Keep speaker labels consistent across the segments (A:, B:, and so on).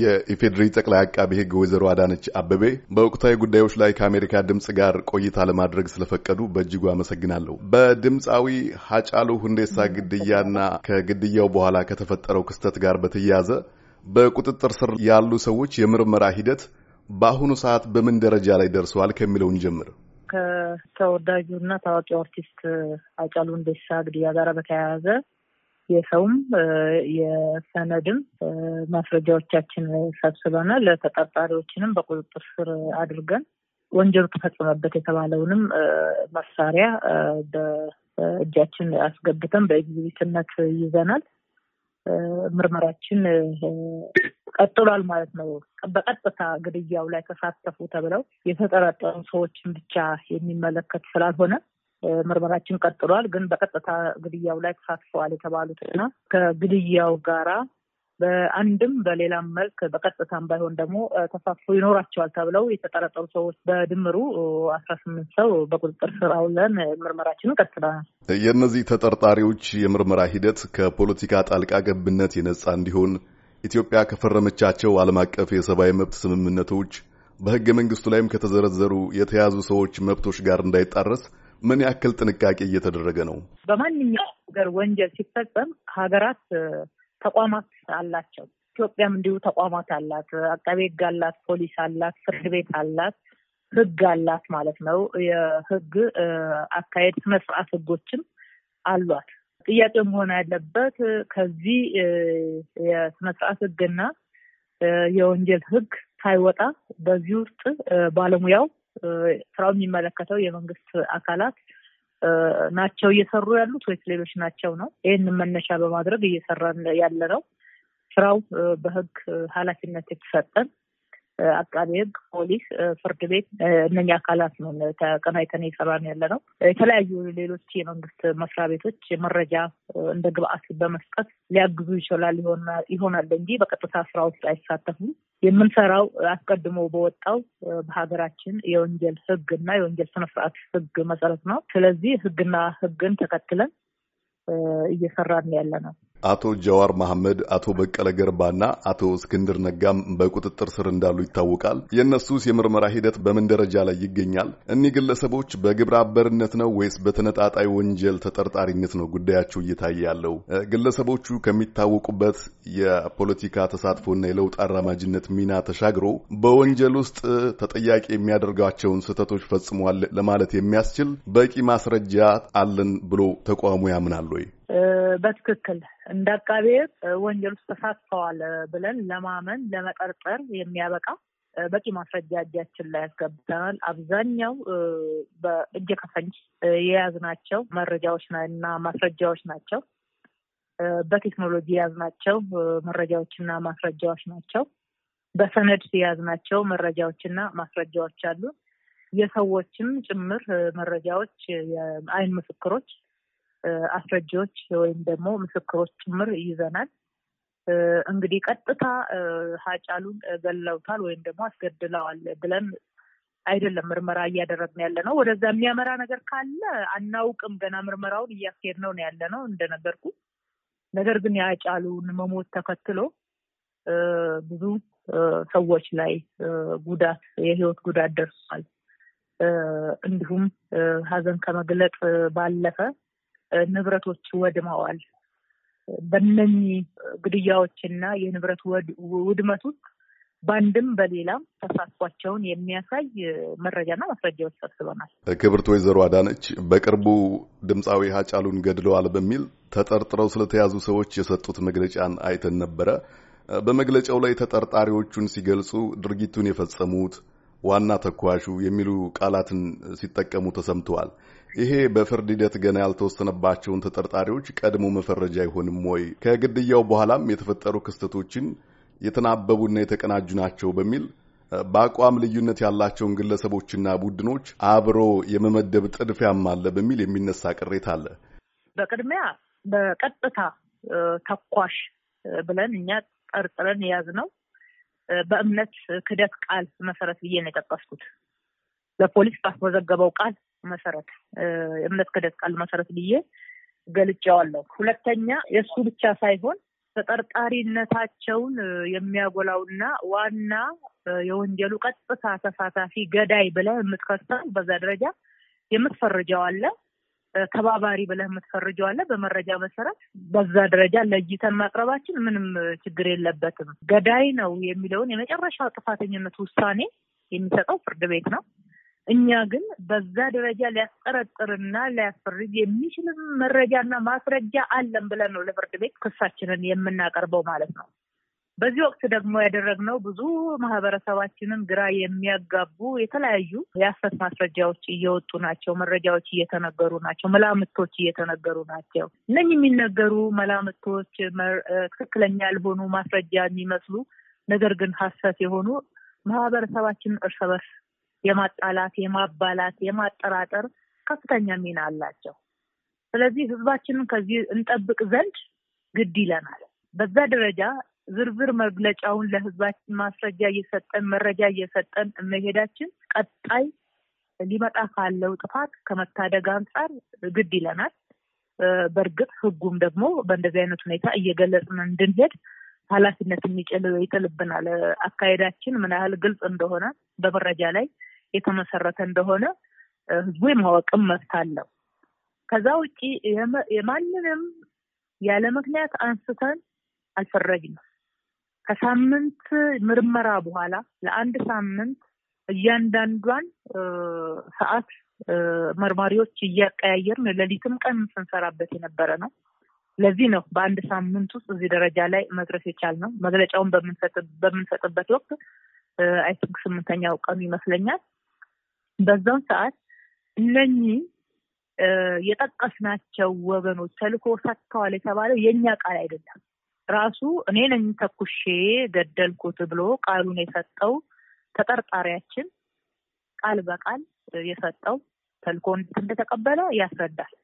A: የኢፌዴሪ ጠቅላይ አቃቤ ሕግ ወይዘሮ አዳነች አበቤ በወቅታዊ ጉዳዮች ላይ ከአሜሪካ ድምፅ ጋር ቆይታ ለማድረግ ስለፈቀዱ በእጅጉ አመሰግናለሁ። በድምፃዊ ሀጫሉ ሁንዴሳ ግድያና ከግድያው በኋላ ከተፈጠረው ክስተት ጋር በተያያዘ በቁጥጥር ስር ያሉ ሰዎች የምርመራ ሂደት በአሁኑ ሰዓት በምን ደረጃ ላይ ደርሰዋል ከሚለውን ጀምር።
B: ከተወዳጁ እና ታዋቂው አርቲስት ሀጫሉ ሁንዴሳ ግድያ ጋር በተያያዘ የሰውም የሰነድም ማስረጃዎቻችን ሰብስበናል። ለተጠርጣሪዎችንም በቁጥጥር ስር አድርገን ወንጀሉ ተፈጸመበት የተባለውንም መሳሪያ በእጃችን አስገብተን በኤግዚቢትነት ይዘናል። ምርመራችን ቀጥሏል ማለት ነው። በቀጥታ ግድያው ላይ ተሳተፉ ተብለው የተጠረጠሩ ሰዎችን ብቻ የሚመለከት ስላልሆነ ምርመራችን ቀጥሏል። ግን በቀጥታ ግድያው ላይ ተሳትፈዋል የተባሉትና ከግድያው ጋራ በአንድም በሌላም መልክ በቀጥታም ባይሆን ደግሞ ተሳትፎ ይኖራቸዋል ተብለው የተጠረጠሩ ሰዎች በድምሩ አስራ ስምንት ሰው በቁጥጥር ስር አውለን ምርመራችንን ቀጥለናል።
A: የእነዚህ ተጠርጣሪዎች የምርመራ ሂደት ከፖለቲካ ጣልቃ ገብነት የነጻ እንዲሆን ኢትዮጵያ ከፈረመቻቸው ዓለም አቀፍ የሰብአዊ መብት ስምምነቶች በህገ መንግስቱ ላይም ከተዘረዘሩ የተያዙ ሰዎች መብቶች ጋር እንዳይጣረስ ምን ያክል ጥንቃቄ እየተደረገ ነው?
B: በማንኛውም ሀገር ወንጀል ሲፈጸም ሀገራት ተቋማት አላቸው። ኢትዮጵያም እንዲሁ ተቋማት አላት። አቃቤ ሕግ አላት፣ ፖሊስ አላት፣ ፍርድ ቤት አላት፣ ሕግ አላት ማለት ነው። የሕግ አካሄድ ስነስርዓት ህጎችም ሕጎችም አሏት። ጥያቄ መሆን ያለበት ከዚህ የስነስርዓት ስርዓት ሕግና የወንጀል ሕግ ሳይወጣ በዚህ ውስጥ ባለሙያው ስራው የሚመለከተው የመንግስት አካላት ናቸው እየሰሩ ያሉት ወይስ ሌሎች ናቸው ነው? ይህን መነሻ በማድረግ እየሰራን ያለ ነው። ስራው በህግ ኃላፊነት የተሰጠን አቃቤ ሕግ፣ ፖሊስ፣ ፍርድ ቤት እነኛ አካላት ነው ተቀናይተን እየሰራን ያለ ነው። የተለያዩ ሌሎች የመንግስት መስሪያ ቤቶች መረጃ እንደ ግብአት በመስጠት ሊያግዙ ይችላል ይሆናል እንጂ በቀጥታ ስራ ውስጥ አይሳተፉም። የምንሰራው አስቀድሞ በወጣው በሀገራችን የወንጀል እና የወንጀል ስነስርዓት ሕግ መሰረት ነው። ስለዚህ ሕግና ሕግን ተከትለን እየሰራን ያለ ነው።
A: አቶ ጀዋር መሐመድ፣ አቶ በቀለ ገርባና አቶ እስክንድር ነጋም በቁጥጥር ስር እንዳሉ ይታወቃል። የእነሱስ የምርመራ ሂደት በምን ደረጃ ላይ ይገኛል? እኒህ ግለሰቦች በግብረ አበርነት ነው ወይስ በተነጣጣይ ወንጀል ተጠርጣሪነት ነው ጉዳያቸው እየታየ ያለው? ግለሰቦቹ ከሚታወቁበት የፖለቲካ ተሳትፎና የለውጥ አራማጅነት ሚና ተሻግሮ በወንጀል ውስጥ ተጠያቂ የሚያደርጋቸውን ስህተቶች ፈጽሟል ለማለት የሚያስችል በቂ ማስረጃ አለን ብሎ ተቋሙ ያምናል ወይ?
B: በትክክል እንደ አቃቤ ወንጀል ውስጥ ተሳትፈዋል ብለን ለማመን ለመጠርጠር የሚያበቃ በቂ ማስረጃ እጃችን ላይ ያስገብተናል። አብዛኛው በእጅ ከፈንጅ የያዝናቸው መረጃዎች እና ማስረጃዎች ናቸው። በቴክኖሎጂ የያዝናቸው መረጃዎችና ማስረጃዎች ናቸው። በሰነድ የያዝናቸው መረጃዎችና ማስረጃዎች አሉ። የሰዎችም ጭምር መረጃዎች፣ የአይን ምስክሮች አስረጂዎች ወይም ደግሞ ምስክሮች ጭምር ይዘናል። እንግዲህ ቀጥታ ሀጫሉን ገለውታል ወይም ደግሞ አስገድለዋል ብለን አይደለም ምርመራ እያደረግን ያለ ነው። ወደዛ የሚያመራ ነገር ካለ አናውቅም። ገና ምርመራውን እያስኬድ ነው ነው ያለ ነው እንደነገርኩ። ነገር ግን የሀጫሉን መሞት ተከትሎ ብዙ ሰዎች ላይ ጉዳት የህይወት ጉዳት ደርሷል። እንዲሁም ሀዘን ከመግለጥ ባለፈ ንብረቶች ወድመዋል። በነኚህ ግድያዎችና የንብረት ውድመት ውስጥ በአንድም በሌላም ተሳትፏቸውን የሚያሳይ መረጃና ማስረጃዎች
A: ሰብስበናል። ክብርት ወይዘሮ አዳነች በቅርቡ ድምፃዊ ሀጫሉን ገድለዋል በሚል ተጠርጥረው ስለተያዙ ሰዎች የሰጡት መግለጫን አይተን ነበረ። በመግለጫው ላይ ተጠርጣሪዎቹን ሲገልጹ ድርጊቱን የፈጸሙት ዋና ተኳሹ የሚሉ ቃላትን ሲጠቀሙ ተሰምተዋል። ይሄ በፍርድ ሂደት ገና ያልተወሰነባቸውን ተጠርጣሪዎች ቀድሞ መፈረጃ አይሆንም ወይ? ከግድያው በኋላም የተፈጠሩ ክስተቶችን የተናበቡና የተቀናጁ ናቸው በሚል በአቋም ልዩነት ያላቸውን ግለሰቦችና ቡድኖች አብሮ የመመደብ ጥድፊያም አለ በሚል የሚነሳ ቅሬታ አለ።
B: በቅድሚያ በቀጥታ ተኳሽ ብለን እኛ ጠርጥረን የያዝነው በእምነት ክደት ቃል መሰረት ብዬ ነው የጠቀስኩት። ለፖሊስ ባስመዘገበው ቃል መሰረት እምነት ክህደት ቃል መሰረት ብዬ ገልጫዋለሁ። ሁለተኛ የእሱ ብቻ ሳይሆን ተጠርጣሪነታቸውን የሚያጎላውና ዋና የወንጀሉ ቀጥታ ተሳታፊ ገዳይ ብለህ የምትከሰው በዛ ደረጃ የምትፈርጀው አለ፣ ተባባሪ ብለህ የምትፈርጀው አለ። በመረጃ መሰረት በዛ ደረጃ ለይተን ማቅረባችን ምንም ችግር የለበትም። ገዳይ ነው የሚለውን የመጨረሻ ጥፋተኝነት ውሳኔ የሚሰጠው ፍርድ ቤት ነው። እኛ ግን በዛ ደረጃ ሊያስጠረጥርና ሊያስፈርድ የሚችልም መረጃና ማስረጃ አለን ብለን ነው ለፍርድ ቤት ክሳችንን የምናቀርበው ማለት ነው። በዚህ ወቅት ደግሞ ያደረግነው ብዙ ማህበረሰባችንን ግራ የሚያጋቡ የተለያዩ የሐሰት ማስረጃዎች እየወጡ ናቸው። መረጃዎች እየተነገሩ ናቸው። መላምቶች እየተነገሩ ናቸው። እነኝህ የሚነገሩ መላምቶች ትክክለኛ ያልሆኑ ማስረጃ የሚመስሉ ነገር ግን ሐሰት የሆኑ ማህበረሰባችንን እርስ በርስ የማጣላት፣ የማባላት፣ የማጠራጠር ከፍተኛ ሚና አላቸው። ስለዚህ ህዝባችንን ከዚህ እንጠብቅ ዘንድ ግድ ይለናል። በዛ ደረጃ ዝርዝር መግለጫውን ለህዝባችን ማስረጃ እየሰጠን መረጃ እየሰጠን መሄዳችን ቀጣይ ሊመጣ ካለው ጥፋት ከመታደግ አንጻር ግድ ይለናል። በእርግጥ ህጉም ደግሞ በእንደዚህ አይነት ሁኔታ እየገለጽን እንድንሄድ ኃላፊነት የሚጭል ይጥልብናል። አካሄዳችን ምን ያህል ግልጽ እንደሆነ በመረጃ ላይ የተመሰረተ እንደሆነ ህዝቡ የማወቅም መብት አለው። ከዛ ውጭ የማንንም ያለ ምክንያት አንስተን አልፈረጅንም። ከሳምንት ምርመራ በኋላ ለአንድ ሳምንት እያንዳንዷን ሰዓት መርማሪዎች እያቀያየርን ሌሊትም ቀን ስንሰራበት የነበረ ነው። ለዚህ ነው በአንድ ሳምንት ውስጥ እዚህ ደረጃ ላይ መድረስ የቻልነው። መግለጫውን በምንሰጥበት ወቅት አይ ቲንክ ስምንተኛው ቀኑ ይመስለኛል በዛም ሰዓት እነኚህ የጠቀስናቸው ወገኖች ተልኮ ሰጥተዋል የተባለው የእኛ ቃል አይደለም። ራሱ እኔ ነኝ ተኩሼ ገደልኩት ብሎ ቃሉን የሰጠው ተጠርጣሪያችን ቃል በቃል የሰጠው ተልኮ እንደተቀበለ ያስረዳል።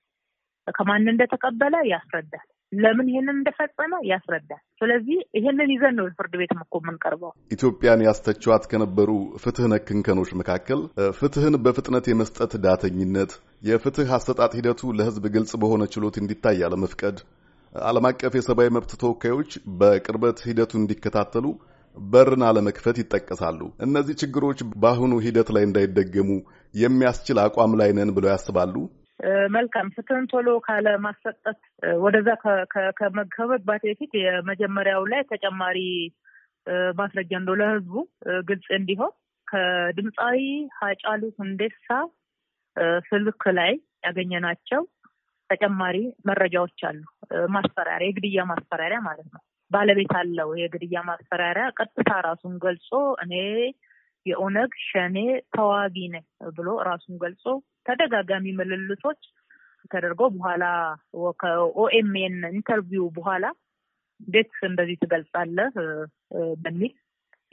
B: ከማን እንደተቀበለ ያስረዳል። ለምን ይሄንን እንደፈጸመ ያስረዳል። ስለዚህ ይሄንን ይዘን ነው የፍርድ ቤት እኮ የምንቀርበው።
A: ኢትዮጵያን ያስተችዋት ከነበሩ ፍትህ ነክ እንከኖች መካከል ፍትህን በፍጥነት የመስጠት ዳተኝነት፣ የፍትህ አሰጣጥ ሂደቱ ለህዝብ ግልጽ በሆነ ችሎት እንዲታይ አለመፍቀድ፣ ዓለም አቀፍ የሰብአዊ መብት ተወካዮች በቅርበት ሂደቱ እንዲከታተሉ በርን አለመክፈት ይጠቀሳሉ። እነዚህ ችግሮች በአሁኑ ሂደት ላይ እንዳይደገሙ የሚያስችል አቋም ላይ ነን ብለው ያስባሉ?
B: መልካም ፍትህን ቶሎ ካለማሰጠት ወደዛ ከመግባት በፊት የመጀመሪያው ላይ ተጨማሪ ማስረጃ እንደው ለህዝቡ ግልጽ እንዲሆን ከድምፃዊ ሀጫሉ ሁንዴሳ ስልክ ላይ ያገኘናቸው ተጨማሪ መረጃዎች አሉ። ማስፈራሪያ፣ የግድያ ማስፈራሪያ ማለት ነው። ባለቤት አለው። የግድያ ማስፈራሪያ ቀጥታ ራሱን ገልጾ እኔ የኦነግ ሸኔ ተዋጊ ነኝ ብሎ ራሱን ገልጾ ተደጋጋሚ ምልልሶች ተደርጎ በኋላ ከኦኤምኤን ኢንተርቪው በኋላ እንዴት እንደዚህ ትገልጻለህ በሚል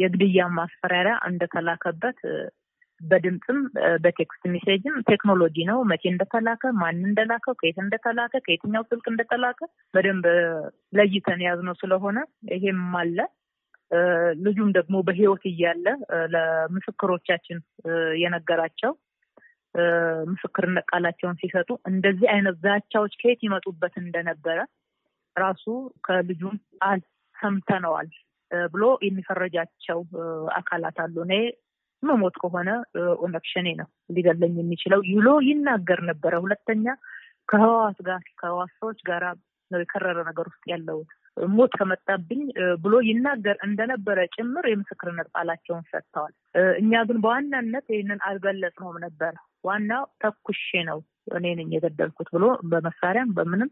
B: የግድያ ማስፈራሪያ እንደተላከበት በድምፅም በቴክስት ሜሴጅም ቴክኖሎጂ ነው። መቼ እንደተላከ፣ ማን እንደላከ፣ ከየት እንደተላከ፣ ከየትኛው ስልክ እንደተላከ በደንብ ለይተን ነው ስለሆነ ይሄም አለ። ልጁም ደግሞ በሕይወት እያለ ለምስክሮቻችን የነገራቸው ምስክርነት ቃላቸውን ሲሰጡ እንደዚህ አይነት ዛቻዎች ከየት ይመጡበት እንደነበረ ራሱ ከልጁም ቃል ሰምተነዋል ብሎ የሚፈረጃቸው አካላት አሉ። እኔ መሞት ከሆነ ኦነግ ሸኔ ነው ሊገለኝ የሚችለው ይሎ ይናገር ነበረ። ሁለተኛ ከህዋስ ጋር ከህዋስ ሰዎች ጋር ነው የከረረ ነገር ውስጥ ያለው ሞት ከመጣብኝ ብሎ ይናገር እንደነበረ ጭምር የምስክርነት ቃላቸውን ሰጥተዋል። እኛ ግን በዋናነት ይህንን አልገለጽነውም ነበረ። ዋናው ተኩሼ ነው እኔ ነኝ የገደልኩት ብሎ በመሳሪያም በምንም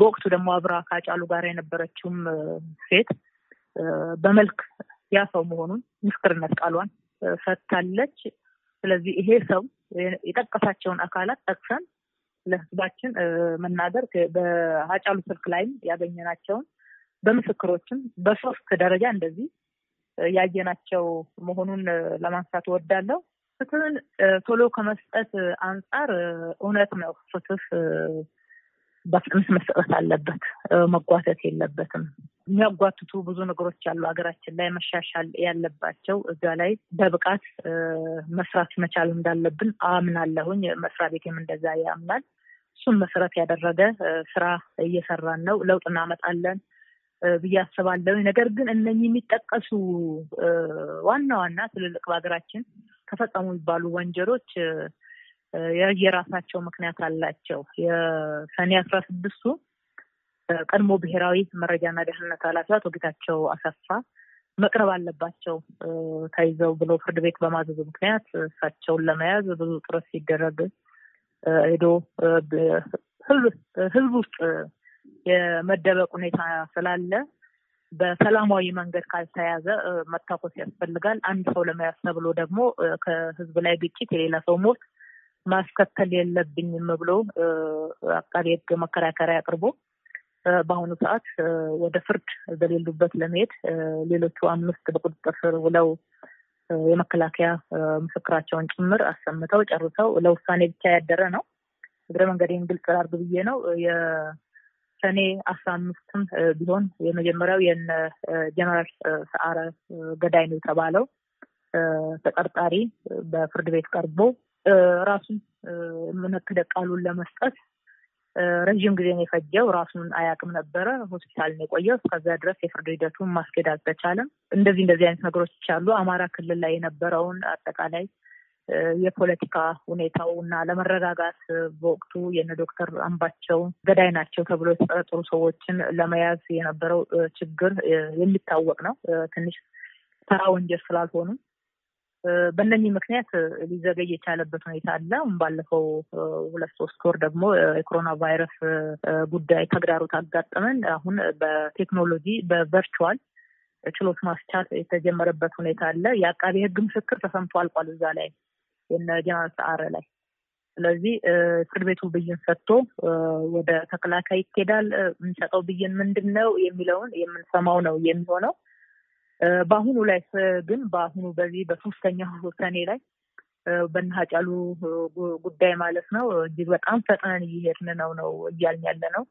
B: በወቅቱ ደግሞ አብራ ካጫሉ ጋር የነበረችውም ሴት በመልክ ያ ሰው መሆኑን ምስክርነት ቃሏን ሰጥታለች። ስለዚህ ይሄ ሰው የጠቀሳቸውን አካላት ጠቅሰን ለህዝባችን መናገር በሀጫሉ ስልክ ላይም ያገኘናቸውን በምስክሮችም በሶስት ደረጃ እንደዚህ ያየናቸው መሆኑን ለማንሳት እወዳለሁ። ፍትህን ቶሎ ከመስጠት አንጻር እውነት ነው። ፍትህ በፍጥነት መሰጠት አለበት፣ መጓተት የለበትም። የሚያጓትቱ ብዙ ነገሮች አሉ ሀገራችን ላይ መሻሻል ያለባቸው እዛ ላይ በብቃት መስራት መቻል እንዳለብን አምናለሁኝ። መስሪያ ቤቴም እንደዛ ያምናል። እሱን መሰረት ያደረገ ስራ እየሰራን ነው። ለውጥ እናመጣለን ብዬ አስባለሁ። ነገር ግን እነኚህ የሚጠቀሱ ዋና ዋና ትልልቅ በሀገራችን ተፈጸሙ የሚባሉ ወንጀሎች የራሳቸው ምክንያት አላቸው። የሰኔ አስራ ስድስቱ ቀድሞ ብሔራዊ መረጃና ደህንነት ኃላፊ አቶ ጌታቸው አሰፋ መቅረብ አለባቸው ተይዘው ብሎ ፍርድ ቤት በማዘዙ ምክንያት እሳቸውን ለመያዝ ብዙ ጥረት ሲደረግ ሄዶ ህዝብ ውስጥ የመደበቅ ሁኔታ ስላለ በሰላማዊ መንገድ ካልተያዘ መታኮስ ያስፈልጋል። አንድ ሰው ለመያዝ ተብሎ ደግሞ ከህዝብ ላይ ግጭት የሌላ ሰው ሞት ማስከተል የለብኝም ብሎ አቃቤ ህግ መከራከሪያ አቅርቦ በአሁኑ ሰዓት ወደ ፍርድ በሌሉበት ለመሄድ ሌሎቹ አምስት በቁጥጥር ስር ውለው የመከላከያ ምስክራቸውን ጭምር አሰምተው ጨርሰው ለውሳኔ ብቻ ያደረ ነው። እግረ መንገዴን ግልጽ አድርግ ብዬ ነው። ሰኔ አስራ አምስትም ቢሆን የመጀመሪያው የነ ጀነራል ሰዓረ ገዳይ ነው የተባለው ተጠርጣሪ በፍርድ ቤት ቀርቦ ራሱን የምንክደ ቃሉን ለመስጠት ረዥም ጊዜ ነው የፈጀው። ራሱን አያውቅም ነበረ። ሆስፒታል ነው የቆየው። እስከዚያ ድረስ የፍርድ ሂደቱን ማስኬድ አልተቻለም። እንደዚህ እንደዚህ አይነት ነገሮች አሉ። አማራ ክልል ላይ የነበረውን አጠቃላይ የፖለቲካ ሁኔታው እና ለመረጋጋት በወቅቱ የነ ዶክተር አምባቸው ገዳይ ናቸው ተብሎ የተጠረጠሩ ሰዎችን ለመያዝ የነበረው ችግር የሚታወቅ ነው። ትንሽ ተራ ወንጀል ስላልሆኑ በእነዚህ ምክንያት ሊዘገይ የቻለበት ሁኔታ አለ። ባለፈው ሁለት ሶስት ወር ደግሞ የኮሮና ቫይረስ ጉዳይ ተግዳሮት አጋጠመን። አሁን በቴክኖሎጂ በቨርቹዋል ችሎት ማስቻል የተጀመረበት ሁኔታ አለ። የአቃቤ ሕግ ምስክር ተሰምቶ አልቋል እዛ ላይ የነ ጀነራል ሰዓረ ላይ። ስለዚህ እስር ቤቱ ብይን ሰጥቶ ወደ ተከላካይ ይኬዳል። የምንሰጠው ብይን ምንድን ነው የሚለውን የምንሰማው ነው የሚሆነው። በአሁኑ ላይ ግን በአሁኑ በዚህ በሶስተኛው ሰኔ ላይ በእነ ሀጫሉ ጉዳይ ማለት ነው እጅግ በጣም ፈጥነን እየሄድን ነው ነው እያልን ያለ ነው።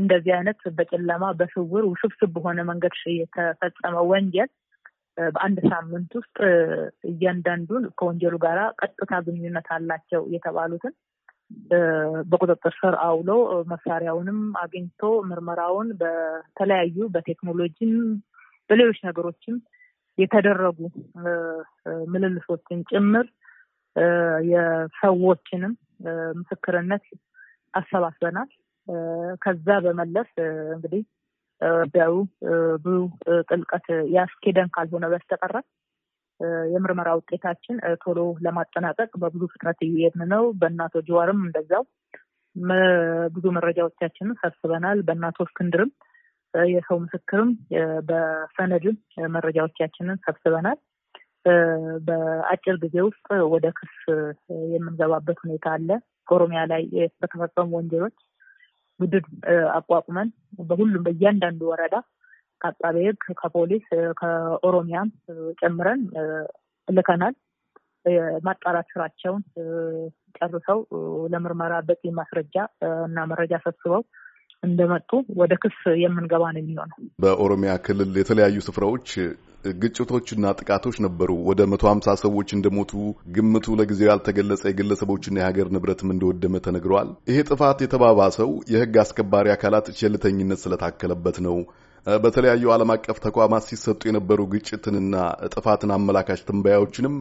B: እንደዚህ አይነት በጨለማ በስውር ውስብስብ በሆነ መንገድ የተፈጸመ ወንጀል በአንድ ሳምንት ውስጥ እያንዳንዱን ከወንጀሉ ጋራ ቀጥታ ግንኙነት አላቸው የተባሉትን በቁጥጥር ስር አውሎ መሳሪያውንም አግኝቶ ምርመራውን በተለያዩ በቴክኖሎጂም በሌሎች ነገሮችም የተደረጉ ምልልሶችን ጭምር የሰዎችንም ምስክርነት አሰባስበናል። ከዛ በመለስ እንግዲህ ጉዳዩ ብዙ ጥልቀት ያስኬደን ካልሆነ በስተቀረ የምርመራ ውጤታችን ቶሎ ለማጠናቀቅ በብዙ ፍጥነት እየሄድን ነው። በእናቶ ጅዋርም እንደዛው ብዙ መረጃዎቻችንን ሰብስበናል። በእናቶ እስክንድርም የሰው ምስክርም በሰነድም መረጃዎቻችንን ሰብስበናል። በአጭር ጊዜ ውስጥ ወደ ክስ የምንገባበት ሁኔታ አለ። ኦሮሚያ ላይ በተፈጸሙ ወንጀሎች ቡድን አቋቁመን በሁሉም በእያንዳንዱ ወረዳ ከአቃቤ ሕግ ከፖሊስ ከኦሮሚያም ጨምረን ልከናል። የማጣራት ስራቸውን ጨርሰው ለምርመራ በቂ ማስረጃ እና መረጃ ሰብስበው እንደመጡ ወደ ክስ የምንገባ ነው የሚሆነው።
A: በኦሮሚያ ክልል የተለያዩ ስፍራዎች ግጭቶችና ጥቃቶች ነበሩ። ወደ መቶ ሀምሳ ሰዎች እንደሞቱ ግምቱ ለጊዜው ያልተገለጸ የግለሰቦችና የሀገር ንብረትም እንደወደመ ተነግረዋል። ይሄ ጥፋት የተባባሰው የህግ አስከባሪ አካላት ቸልተኝነት ስለታከለበት ነው። በተለያዩ ዓለም አቀፍ ተቋማት ሲሰጡ የነበሩ ግጭትንና ጥፋትን አመላካች ትንበያዎችንም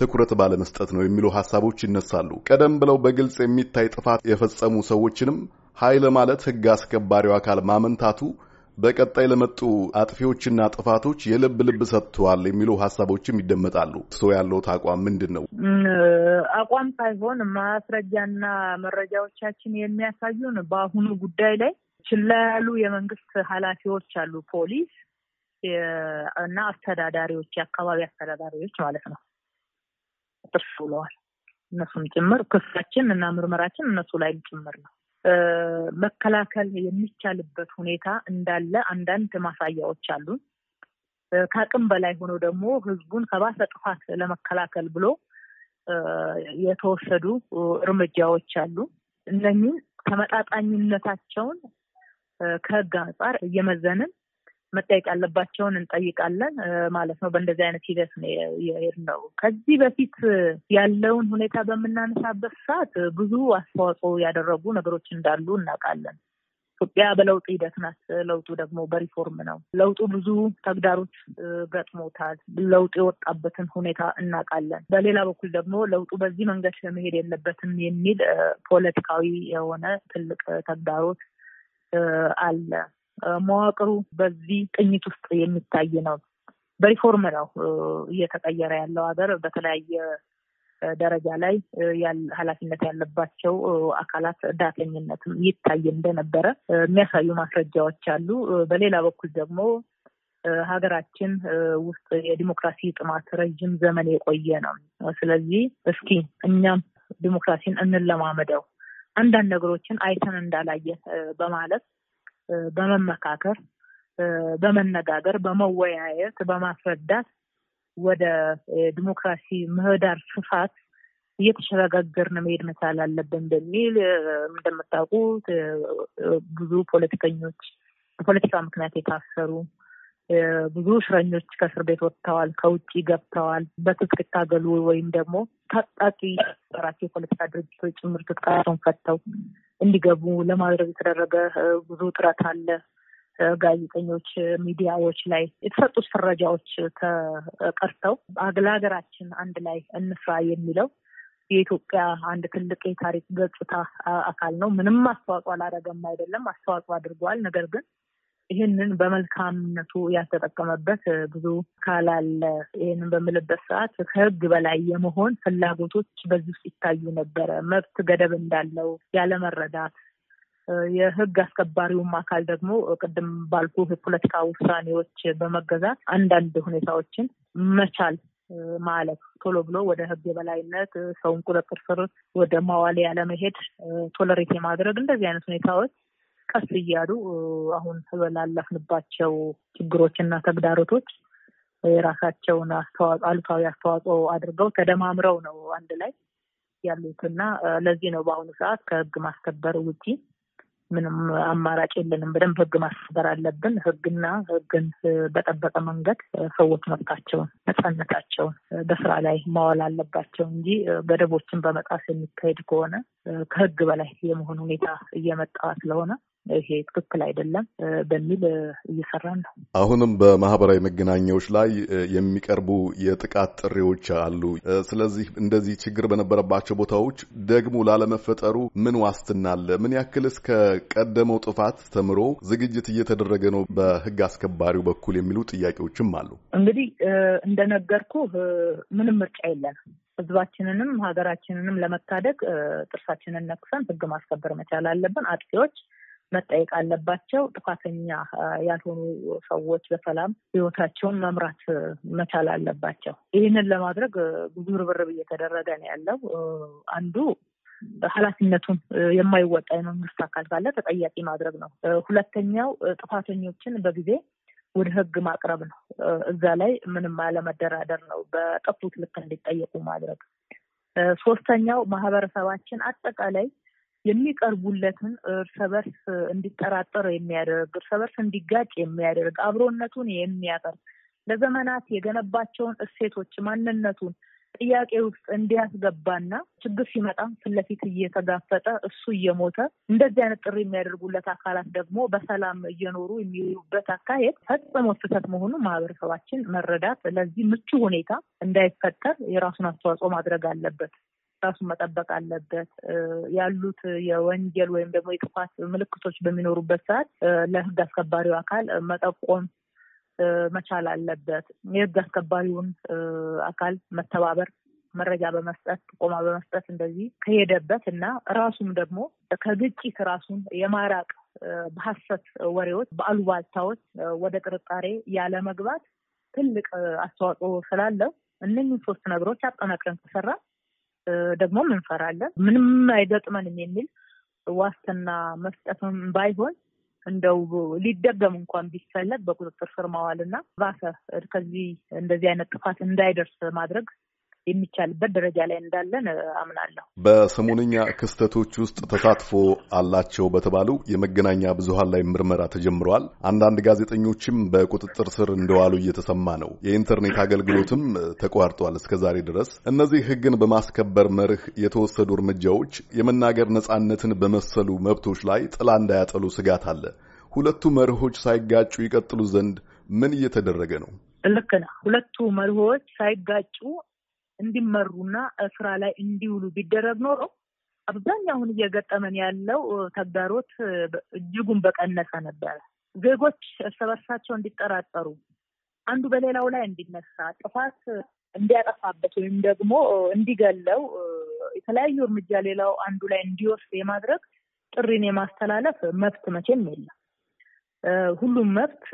A: ትኩረት ባለመስጠት ነው የሚሉ ሀሳቦች ይነሳሉ። ቀደም ብለው በግልጽ የሚታይ ጥፋት የፈጸሙ ሰዎችንም ኃይል ማለት ሕግ አስከባሪው አካል ማመንታቱ በቀጣይ ለመጡ አጥፊዎችና ጥፋቶች የልብ ልብ ሰጥተዋል የሚሉ ሀሳቦችም ይደመጣሉ። እርስዎ ያለውት አቋም ምንድን ነው?
B: አቋም ሳይሆን ማስረጃና መረጃዎቻችን የሚያሳዩን በአሁኑ ጉዳይ ላይ ችላ ያሉ የመንግስት ኃላፊዎች አሉ። ፖሊስ እና አስተዳዳሪዎች፣ የአካባቢ አስተዳዳሪዎች ማለት ነው። ጥርስ ብለዋል። እነሱም ጭምር ክሳችን እና ምርመራችን እነሱ ላይ ጭምር ነው። መከላከል የሚቻልበት ሁኔታ እንዳለ አንዳንድ ማሳያዎች አሉ። ከአቅም በላይ ሆኖ ደግሞ ህዝቡን ከባሰ ጥፋት ለመከላከል ብሎ የተወሰዱ እርምጃዎች አሉ። እነኚህ ተመጣጣኝነታቸውን ከህግ አንጻር እየመዘንን መጠየቅ ያለባቸውን እንጠይቃለን ማለት ነው። በእንደዚህ አይነት ሂደት ነው የሄድነው። ከዚህ በፊት ያለውን ሁኔታ በምናነሳበት ሰዓት ብዙ አስተዋጽኦ ያደረጉ ነገሮች እንዳሉ እናውቃለን። ኢትዮጵያ በለውጥ ሂደት ናት። ለውጡ ደግሞ በሪፎርም ነው። ለውጡ ብዙ ተግዳሮች ገጥሞታል። ለውጡ የወጣበትን ሁኔታ እናውቃለን። በሌላ በኩል ደግሞ ለውጡ በዚህ መንገድ መሄድ የለበትም የሚል ፖለቲካዊ የሆነ ትልቅ ተግዳሮት አለ። መዋቅሩ በዚህ ቅኝት ውስጥ የሚታይ ነው። በሪፎርም ነው እየተቀየረ ያለው ሀገር በተለያየ ደረጃ ላይ ኃላፊነት ያለባቸው አካላት ዳተኝነት ይታይ እንደነበረ የሚያሳዩ ማስረጃዎች አሉ። በሌላ በኩል ደግሞ ሀገራችን ውስጥ የዲሞክራሲ ጥማት ረዥም ዘመን የቆየ ነው። ስለዚህ እስኪ እኛም ዲሞክራሲን እንለማመደው አንዳንድ ነገሮችን አይተን እንዳላየን በማለት በመመካከር በመነጋገር በመወያየት በማስረዳት ወደ ዲሞክራሲ ምህዳር ስፋት እየተሸጋገርን መሄድ መቻል አለብን በሚል እንደምታውቁት ብዙ ፖለቲከኞች በፖለቲካ ምክንያት የታሰሩ ብዙ እስረኞች ከእስር ቤት ወጥተዋል፣ ከውጭ ገብተዋል። በትጥቅ ይታገሉ ወይም ደግሞ ታጣቂ ራቸው የፖለቲካ ድርጅቶች ጭምር ትጥቃቸውን ፈተው እንዲገቡ ለማድረግ የተደረገ ብዙ ጥረት አለ። ጋዜጠኞች፣ ሚዲያዎች ላይ የተሰጡት ፍረጃዎች ተቀርተው ለሀገራችን አንድ ላይ እንስራ የሚለው የኢትዮጵያ አንድ ትልቅ የታሪክ ገጽታ አካል ነው። ምንም አስተዋጽኦ አላደረገም አይደለም፣ አስተዋጽኦ አድርጓል። ነገር ግን ይህንን በመልካምነቱ ያልተጠቀመበት ብዙ ካላለ ይህንን በምልበት ሰዓት ከህግ በላይ የመሆን ፍላጎቶች በዚህ ውስጥ ይታዩ ነበረ። መብት ገደብ እንዳለው ያለመረዳት የህግ አስከባሪውም አካል ደግሞ ቅድም ባልኩ የፖለቲካ ውሳኔዎች በመገዛት አንዳንድ ሁኔታዎችን መቻል ማለት ቶሎ ብሎ ወደ ህግ የበላይነት ሰውን ቁጥጥር ስር ወደ ማዋል ያለመሄድ ቶለሬት የማድረግ እንደዚህ አይነት ሁኔታዎች ቀስ እያሉ አሁን ችግሮች ችግሮችና ተግዳሮቶች የራሳቸውን አሉታዊ አስተዋጽኦ አድርገው ተደማምረው ነው አንድ ላይ እና ለዚህ ነው በአሁኑ ሰዓት ከህግ ማስከበር ውጪ ምንም አማራጭ የለንም። በደንብ ህግ ማስከበር አለብን። ህግና ህግን በጠበቀ መንገድ ሰዎች መብታቸውን፣ ነጻነታቸውን በስራ ላይ ማዋል አለባቸው እንጂ ገደቦችን በመጣስ የሚካሄድ ከሆነ ከህግ በላይ የመሆን ሁኔታ እየመጣ ስለሆነ ይሄ ትክክል አይደለም በሚል እየሰራን ነው።
A: አሁንም በማህበራዊ መገናኛዎች ላይ የሚቀርቡ የጥቃት ጥሪዎች አሉ። ስለዚህ እንደዚህ ችግር በነበረባቸው ቦታዎች ደግሞ ላለመፈጠሩ ምን ዋስትና አለ? ምን ያክልስ ከቀደመው ጥፋት ተምሮ ዝግጅት እየተደረገ ነው በህግ አስከባሪው በኩል የሚሉ ጥያቄዎችም አሉ።
B: እንግዲህ እንደነገርኩ ምንም ምርጫ የለም? ህዝባችንንም ሀገራችንንም ለመታደግ ጥርሳችንን ነክሰን ህግ ማስከበር መቻል አለብን። አጥፊዎች መጠየቅ አለባቸው። ጥፋተኛ ያልሆኑ ሰዎች በሰላም ህይወታቸውን መምራት መቻል አለባቸው። ይህንን ለማድረግ ብዙ ርብርብ እየተደረገ ነው ያለው። አንዱ ኃላፊነቱን የማይወጣ የመንግስት አካል ካለ ተጠያቂ ማድረግ ነው። ሁለተኛው ጥፋተኞችን በጊዜ ወደ ህግ ማቅረብ ነው። እዛ ላይ ምንም አለመደራደር ነው። በጠፉት ልክ እንዲጠየቁ ማድረግ። ሶስተኛው ማህበረሰባችን አጠቃላይ የሚቀርቡለትን እርስ በርስ እንዲጠራጠር የሚያደርግ እርስ በርስ እንዲጋጭ የሚያደርግ አብሮነቱን የሚያቀርብ ለዘመናት የገነባቸውን እሴቶች ማንነቱን ጥያቄ ውስጥ እንዲያስገባና ችግር ሲመጣ ፊት ለፊት እየተጋፈጠ እሱ እየሞተ እንደዚህ አይነት ጥሪ የሚያደርጉለት አካላት ደግሞ በሰላም እየኖሩ የሚውሉበት አካሄድ ፈጽሞ ስህተት መሆኑ ማህበረሰባችን መረዳት፣ ለዚህ ምቹ ሁኔታ እንዳይፈጠር የራሱን አስተዋጽኦ ማድረግ አለበት። ራሱን መጠበቅ አለበት። ያሉት የወንጀል ወይም ደግሞ የጥፋት ምልክቶች በሚኖሩበት ሰዓት ለህግ አስከባሪው አካል መጠቆም መቻል አለበት። የህግ አስከባሪውን አካል መተባበር መረጃ በመስጠት ጥቆማ በመስጠት እንደዚህ ከሄደበት እና ራሱም ደግሞ ከግጭት ራሱን የማራቅ በሀሰት ወሬዎች፣ በአሉባልታዎች ወደ ጥርጣሬ ያለመግባት ትልቅ አስተዋጽኦ ስላለው እነኝህ ሶስት ነገሮች አጠናቅረን ከሰራ ደግሞ እንፈራለን። ምንም አይገጥመንም የሚል ዋስትና መስጠትም ባይሆን እንደው ሊደገም እንኳን ቢፈለግ በቁጥጥር ስር ማዋልና ባሰ ከዚህ እንደዚህ አይነት ጥፋት እንዳይደርስ ማድረግ የሚቻልበት ደረጃ ላይ እንዳለን አምናለሁ።
A: በሰሞነኛ ክስተቶች ውስጥ ተሳትፎ አላቸው በተባሉ የመገናኛ ብዙኃን ላይ ምርመራ ተጀምረዋል። አንዳንድ ጋዜጠኞችም በቁጥጥር ስር እንደዋሉ እየተሰማ ነው። የኢንተርኔት አገልግሎትም ተቋርጧል እስከ ዛሬ ድረስ። እነዚህ ሕግን በማስከበር መርህ የተወሰዱ እርምጃዎች የመናገር ነጻነትን በመሰሉ መብቶች ላይ ጥላ እንዳያጠሉ ስጋት አለ። ሁለቱ መርሆች ሳይጋጩ ይቀጥሉ ዘንድ ምን እየተደረገ ነው? ልክ ነው። ሁለቱ
B: መርሆች ሳይጋጩ እንዲመሩና ስራ ላይ እንዲውሉ ቢደረግ ኖሮ አብዛኛውን እየገጠመን ያለው ተግዳሮት እጅጉን በቀነሰ ነበረ። ዜጎች እርስ በርሳቸው እንዲጠራጠሩ፣ አንዱ በሌላው ላይ እንዲነሳ፣ ጥፋት እንዲያጠፋበት ወይም ደግሞ እንዲገለው የተለያዩ እርምጃ ሌላው አንዱ ላይ እንዲወስድ የማድረግ ጥሪን የማስተላለፍ መብት መቼም የለም። ሁሉም መብት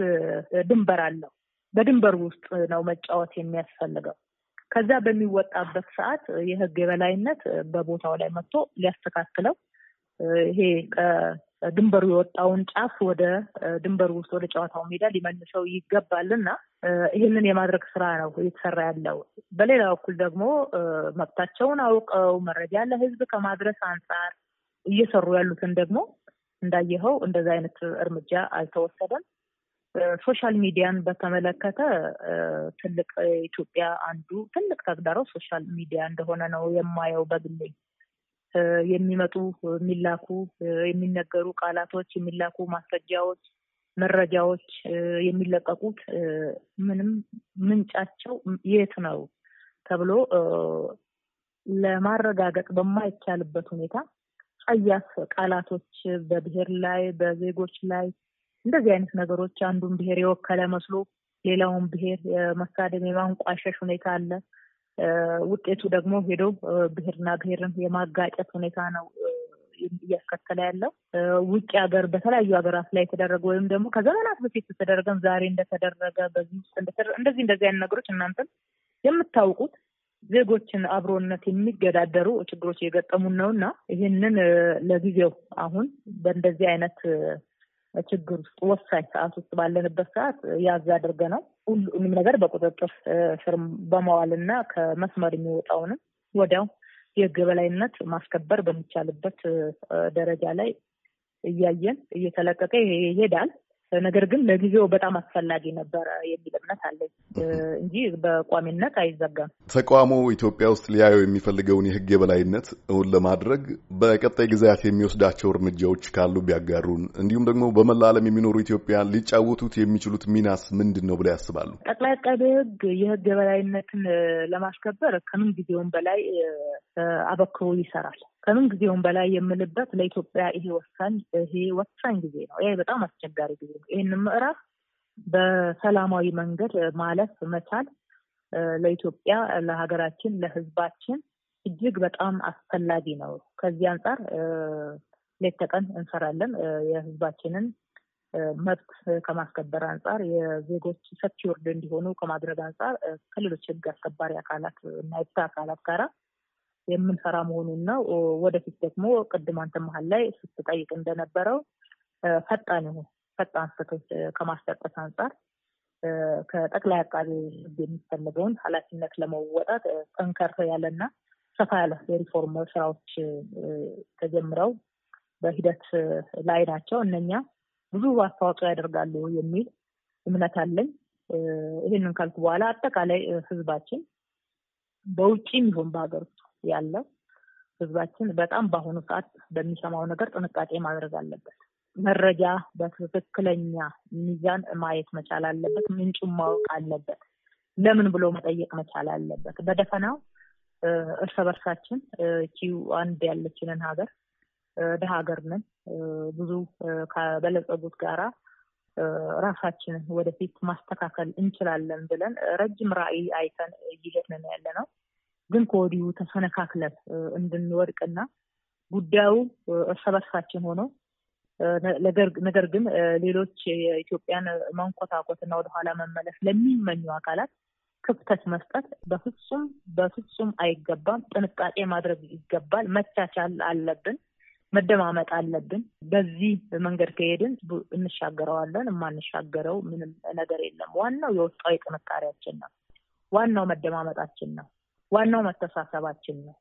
B: ድንበር አለው። በድንበር ውስጥ ነው መጫወት የሚያስፈልገው። ከዛ በሚወጣበት ሰዓት የህግ የበላይነት በቦታው ላይ መጥቶ ሊያስተካክለው ይሄ ከድንበሩ የወጣውን ጫፍ ወደ ድንበሩ ውስጥ ወደ ጨዋታው ሜዳ ሊመልሰው ይገባልና ይህንን የማድረግ ስራ ነው እየተሰራ ያለው። በሌላ በኩል ደግሞ መብታቸውን አውቀው መረጃ ለህዝብ ከማድረስ አንጻር እየሰሩ ያሉትን ደግሞ እንዳየኸው እንደዚ አይነት እርምጃ አልተወሰደም። ሶሻል ሚዲያን በተመለከተ ትልቅ ኢትዮጵያ አንዱ ትልቅ ተግዳሮ ሶሻል ሚዲያ እንደሆነ ነው የማየው በግሌ። የሚመጡ የሚላኩ የሚነገሩ ቃላቶች፣ የሚላኩ ማስረጃዎች፣ መረጃዎች የሚለቀቁት ምንም ምንጫቸው የት ነው ተብሎ ለማረጋገጥ በማይቻልበት ሁኔታ ጸያፍ ቃላቶች በብሔር ላይ በዜጎች ላይ እንደዚህ አይነት ነገሮች አንዱን ብሔር የወከለ መስሎ ሌላውን ብሔር የመሳደብ የማንቋሸሽ ሁኔታ አለ። ውጤቱ ደግሞ ሄዶ ብሔርና ብሔርን የማጋጨት ሁኔታ ነው እያስከተለ ያለው። ውጭ ሀገር በተለያዩ ሀገራት ላይ የተደረገ ወይም ደግሞ ከዘመናት በፊት የተደረገም ዛሬ እንደተደረገ በዚህ ውስጥ እንደዚህ እንደዚህ አይነት ነገሮች እናንተም የምታውቁት ዜጎችን አብሮነት የሚገዳደሩ ችግሮች እየገጠሙን ነው እና ይህንን ለጊዜው አሁን በእንደዚህ አይነት ችግር ውስጥ ወሳኝ ሰዓት ውስጥ ባለንበት ሰዓት ያዝ አድርገናል። ሁሉንም ነገር በቁጥጥር ስር በማዋልና ከመስመር የሚወጣውንም ወዲያው የህግ በላይነት ማስከበር በሚቻልበት ደረጃ ላይ እያየን እየተለቀቀ ይሄዳል። ነገር ግን ለጊዜው በጣም አስፈላጊ ነበረ የሚል እምነት አለኝ እንጂ በቋሚነት አይዘጋም።
A: ተቋሙ ኢትዮጵያ ውስጥ ሊያየው የሚፈልገውን የህግ የበላይነት እውን ለማድረግ በቀጣይ ጊዜያት የሚወስዳቸው እርምጃዎች ካሉ ቢያጋሩን፣ እንዲሁም ደግሞ በመላ ዓለም የሚኖሩ ኢትዮጵያ ሊጫወቱት የሚችሉት ሚናስ ምንድን ነው ብለው ያስባሉ?
B: ጠቅላይ አቃቤ ህግ የህግ የበላይነትን ለማስከበር ከምን ጊዜውም በላይ አበክሮ ይሰራል። ከምን ጊዜውም በላይ የምልበት ለኢትዮጵያ ይሄ ወሳኝ ይሄ ወሳኝ ጊዜ ነው። ይሄ በጣም አስቸጋሪ ጊዜ ይህንን ምዕራፍ በሰላማዊ መንገድ ማለፍ መቻል ለኢትዮጵያ፣ ለሀገራችን፣ ለህዝባችን እጅግ በጣም አስፈላጊ ነው። ከዚህ አንጻር ሌት ተቀን እንሰራለን። የህዝባችንን መብት ከማስከበር አንጻር የዜጎች ሰኪውርድ እንዲሆኑ ከማድረግ አንጻር ከሌሎች ህግ አስከባሪ አካላት እና የፍትህ አካላት ጋራ የምንሰራ መሆኑን ነው። ወደፊት ደግሞ ቅድም አንተ መሀል ላይ ስትጠይቅ እንደነበረው ፈጣን ፈጣን ስህተቶች ከማስጠቀስ አንጻር ከጠቅላይ አቃቢ ሕግ የሚፈልገውን ኃላፊነት ለመወጣት ጠንከር ያለና ሰፋ ያለ የሪፎርም ስራዎች ተጀምረው በሂደት ላይ ናቸው። እነኛ ብዙ አስተዋጽኦ ያደርጋሉ የሚል እምነት አለኝ። ይህንን ካልኩ በኋላ አጠቃላይ ህዝባችን በውጭም ይሁን በሀገር ውስጥ ያለው ህዝባችን በጣም በአሁኑ ሰዓት በሚሰማው ነገር ጥንቃቄ ማድረግ አለበት። መረጃ በትክክለኛ ሚዛን ማየት መቻል አለበት። ምንጩን ማወቅ አለበት። ለምን ብሎ መጠየቅ መቻል አለበት። በደፈናው እርስ በርሳችን እቺው አንድ ያለችንን ሀገር ደሀ ሀገር ነን። ብዙ ከበለጸጉት ጋራ ራሳችንን ወደፊት ማስተካከል እንችላለን ብለን ረጅም ራዕይ አይተን እየሄድን ያለ ነው። ግን ከወዲሁ ተሰነካክለን እንድንወድቅና ጉዳዩ እርስ በርሳችን ሆነው ነገር ግን ሌሎች የኢትዮጵያን መንኮታኮትና ወደኋላ መመለስ ለሚመኙ አካላት ክፍተት መስጠት በፍጹም በፍጹም አይገባም። ጥንቃቄ ማድረግ ይገባል። መቻቻል አለብን። መደማመጥ አለብን። በዚህ መንገድ ከሄድን እንሻገረዋለን። የማንሻገረው ምንም ነገር የለም። ዋናው የውስጣዊ ጥንካሬያችን ነው። ዋናው መደማመጣችን ነው። ዋናው መተሳሰባችን ነው።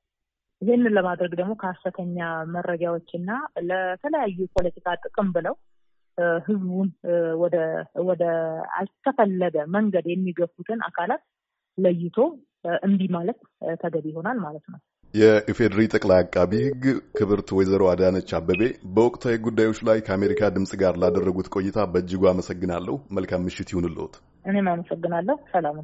B: ይህንን ለማድረግ ደግሞ ከሀሰተኛ መረጃዎችና ለተለያዩ ፖለቲካ ጥቅም ብለው ህዝቡን ወደ አልተፈለገ መንገድ የሚገፉትን አካላት ለይቶ እምቢ ማለት ተገቢ ይሆናል ማለት ነው።
A: የኢፌዴሪ ጠቅላይ አቃቢ ህግ ክብርት ወይዘሮ አዳነች አበቤ በወቅታዊ ጉዳዮች ላይ ከአሜሪካ ድምፅ ጋር ላደረጉት ቆይታ በእጅጉ አመሰግናለሁ። መልካም ምሽት ይሁንልዎት።
B: እኔም አመሰግናለሁ። ሰላም